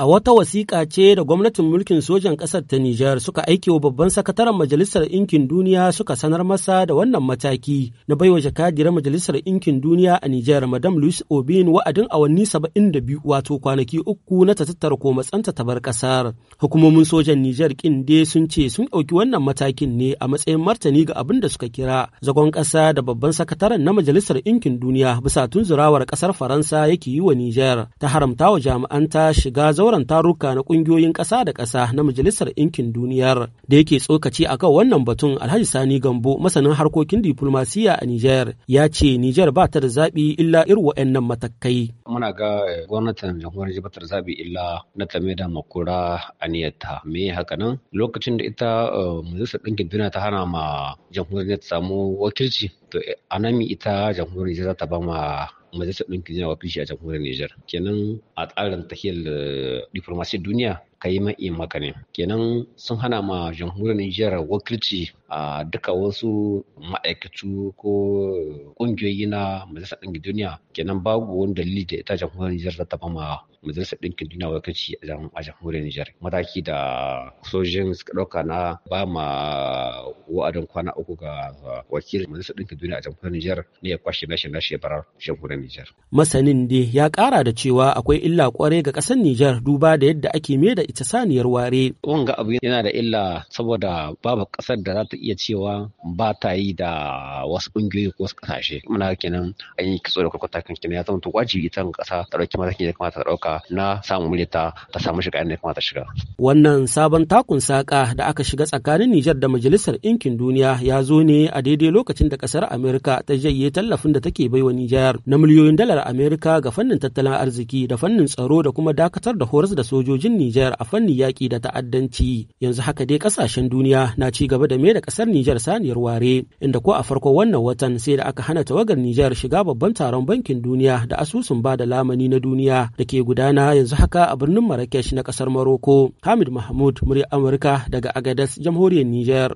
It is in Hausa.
A wata wasiƙa ce da gwamnatin mulkin sojan ƙasar ta Nijar suka aike wa babban sakataren Majalisar Ɗinkin Duniya suka sanar masa da wannan mataki na baiwa jakadiyar Majalisar Ɗinkin Duniya a Nijar Madam Louis Obin wa'adin awanni biyu wato kwanaki uku na ta tattara komatsanta ta bar ƙasar. Hukumomin sojan Nijar ƙinde sun ce sun ɗauki wannan matakin ne a matsayin martani ga abin da suka kira zagon ƙasa da babban sakataren na Majalisar Ɗinkin Duniya bisa tunzurawar ƙasar Faransa yake yi wa Nijar ta haramta wa jami'anta shiga zaura zauren taruka na kungiyoyin ƙasa da ƙasa na Majalisar Ɗinkin Duniyar da yake tsokaci a kan wannan batun Alhaji Sani Gambo masanin harkokin diplomasiya a Nijar ya ce Nijar ba ta da zaɓi illa irin waɗannan matakai. Muna ga eh, gwamnatin jamhuriyar Nijar ba ta da zaɓi illa na ta da makura a aniyarta me haka nan lokacin da ita eh, Majalisar Ɗinkin Duniya ta hana ma jamhuriyar ta samu wakilci to eh, anami ita jamhuriyar Nijar za ta ba ma majalisar ɗinkin duniya wakilci a jamhuriyar Nijar kenan a tsarin tahiyar eh, diplomasi duniya ka yi ma'i maka ne kenan sun hana ma jamhuriyar Nijar wakilci a duka wasu ma'aikatu ko ƙungiyoyi na majalisar ɗinkin duniya kenan babu wani dalili da ita jamhuriyar Nijar ta taɓa ma majalisar ɗinkin duniya wakilci a jamhuriyar Nijar. Mataki da sojin suka ɗauka na ba ma wa'adin kwana uku ga wakil majalisar ɗinkin duniya a jamhuriyar Nijar ne ya kwashe nashi nashi ya jamhuriyar Nijar. Masanin dai ya ƙara da cewa akwai illa kwarai ga ƙasar Nijar duba da yadda ake me da ita saniyar ware. Wanga abu yana da illa saboda babu ƙasar da za ta iya cewa ba ta yi da wasu ƙungiyoyi ko wasu ƙasashe. Muna kenan an yi kitso da kwakwata kan kenan ya zama to wajibi ita ƙasa ta ɗauki matakin da kamata ta ɗauka na samun ta samu shiga ya kamata shiga. Wannan sabon takun saƙa da aka shiga tsakanin Nijar da Majalisar Ɗinkin Duniya ya zo ne a daidai lokacin da ƙasar Amerika ta jayye tallafin da take baiwa Nijar na miliyoyin dalar Amerika ga fannin tattalin arziki da fannin tsaro da kuma dakatar da horas da sojojin Nijar a fannin yaƙi da ta'addanci. Yanzu haka dai ƙasashen duniya na ci gaba da mai da ƙasar Nijar saniyar ware inda ko a farko wannan watan sai da aka hana tawagar Nijar shiga babban taron bankin duniya da asusun ba da lamani na duniya da ke guda. gudana yanzu haka a birnin Marrakesh na kasar Maroko. Hamid Mahmud, murya Amurka daga agadas jamhuriyar niger.